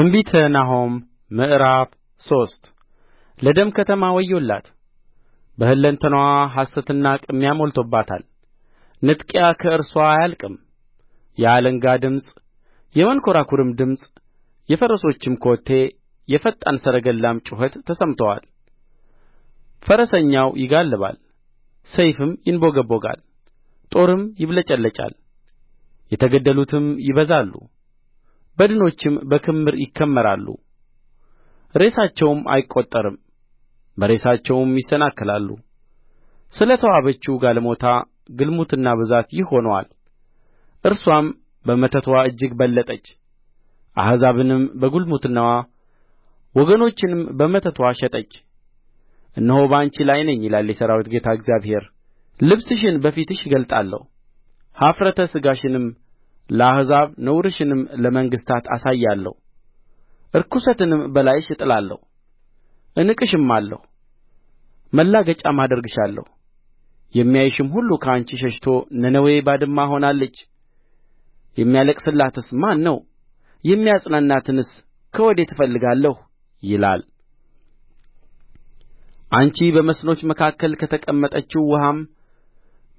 ትንቢተ ናሆም ምዕራፍ ሶስት ለደም ከተማ ወዮላት በሁለንተናዋ ሐሰትና ቅሚያ ሞልቶባታል ንጥቂያ ከእርስዋ አያልቅም የአለንጋ ድምፅ የመንኰራኵርም ድምፅ የፈረሶችም ኮቴ የፈጣን ሰረገላም ጩኸት ተሰምቶአል ፈረሰኛው ይጋልባል ሰይፍም ይንቦገቦጋል ጦርም ይብለጨለጫል የተገደሉትም ይበዛሉ በድኖችም በክምር ይከመራሉ ሬሳቸውም አይቈጠርም በሬሳቸውም ይሰናከላሉ ስለ ተዋበችው ጋለሞታ ግልሙትና ብዛት ይህ ሆኖአል እርስዋም በመተትዋ እጅግ በለጠች አሕዛብንም በግልሙትናዋ ወገኖችንም በመተትዋ ሸጠች እነሆ በአንቺ ላይ ነኝ ይላል የሠራዊት ጌታ እግዚአብሔር ልብስሽን በፊትሽ እገልጣለሁ ኀፍረተ ሥጋሽንም ለአሕዛብ ነውርሽንም ለመንግሥታት አሳያለሁ ርኵሰትንም በላይሽ እጥላለሁ እንቅሻማለሁ፣ ማላገጫም አደርግሻለሁ የሚያይሽም ሁሉ ከአንቺ ሸሽቶ ነነዌ ባድማ ሆናለች የሚያለቅስላትስ ማን ነው የሚያጽናናትንስ ከወዴት እፈልጋለሁ ይላል አንቺ በመስኖች መካከል ከተቀመጠችው ውኃም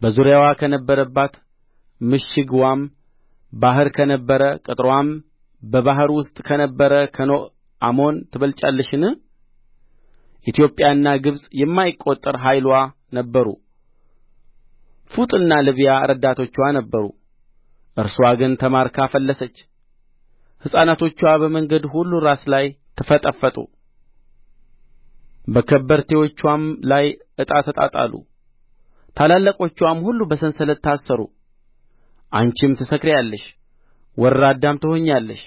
በዙሪያዋ ከነበረባት ምሽግዋም ባሕር ከነበረ ቅጥርዋም በባሕር ውስጥ ከነበረ ከኖእ አሞን ትበልጫለሽን ኢትዮጵያና ግብጽ የማይቈጠር ኃይልዋ ነበሩ ፉጥና ልብያ ረዳቶችዋ ነበሩ እርስዋ ግን ተማርካ ፈለሰች ሕፃናቶችዋ በመንገድ ሁሉ ራስ ላይ ተፈጠፈጡ በከበርቴዎችዋም ላይ ዕጣ ተጣጣሉ ታላላቆችዋም ሁሉ በሰንሰለት ታሰሩ አንቺም ትሰክሪአለሽ ወራዳም ትሆኛለሽ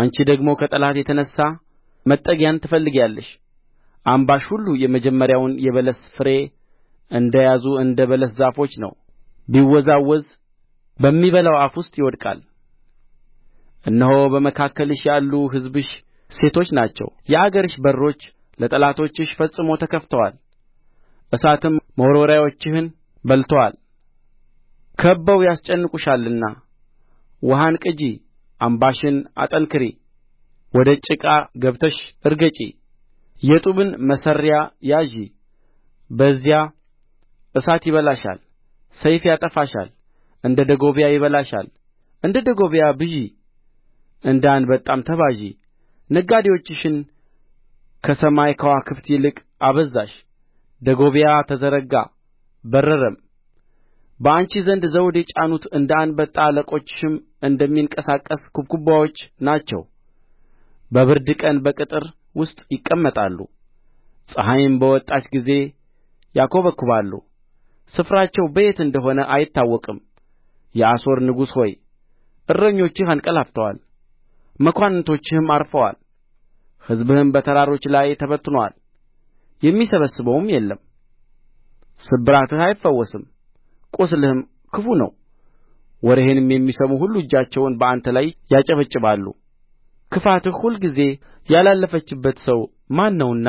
አንቺ ደግሞ ከጠላት የተነሣ መጠጊያን ትፈልጊአለሽ አምባሽ ሁሉ የመጀመሪያውን የበለስ ፍሬ እንደ ያዙ እንደ በለስ ዛፎች ነው ቢወዛወዝ በሚበላው አፍ ውስጥ ይወድቃል እነሆ በመካከልሽ ያሉ ሕዝብሽ ሴቶች ናቸው የአገርሽ በሮች ለጠላቶችሽ ፈጽሞ ተከፍተዋል እሳትም መወርወሪያዎችህን በልቶአል ከብበው ያስጨንቁሻልና ውኃን ቅጂ አምባሽን አጠንክሪ ወደ ጭቃ ገብተሽ እርገጪ የጡብን መሠሪያ ያዢ በዚያ እሳት ይበላሻል ሰይፍ ያጠፋሻል እንደ ደጎብያ ይበላሻል እንደ ደጎብያ ብዢ እንደ አንበጣም ተባዢ ነጋዴዎችሽን ከሰማይ ከዋክብት ይልቅ አበዛሽ ደጎብያ ተዘረጋ በረረም በአንቺ ዘንድ ዘውድ የጫኑት እንደ አንበጣ አለቆችሽም እንደሚንቀሳቀሱ ኩብኩባዎች ናቸው በብርድ ቀን በቅጥር ውስጥ ይቀመጣሉ ፀሐይም በወጣች ጊዜ ያኰበኵባሉ ስፍራቸው በየት እንደ ሆነ አይታወቅም የአሦር ንጉሥ ሆይ እረኞችህ አንቀላፍተዋል መኳንንቶችህም ዐርፈዋል ሕዝብህም በተራሮች ላይ ተበትኖአል የሚሰበስበውም የለም ስብራትህ አይፈወስም ቍስልህም ክፉ ነው ወሬህንም የሚሰሙ ሁሉ እጃቸውን በአንተ ላይ ያጨበጭባሉ ክፋትህ ሁልጊዜ ያላለፈችበት ሰው ማን ነውና